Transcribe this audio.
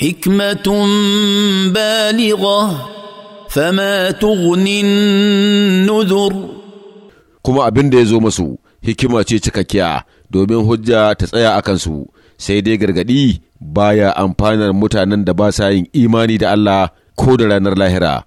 حكمه بالغه فما تغني النذر kuma abin da ya zo masu hikima ce cikakkiya domin hujja ta tsaya a kansu sai dai gargadi baya amfanar mutanen da ba sa yin imani da Allah ko da ranar lahira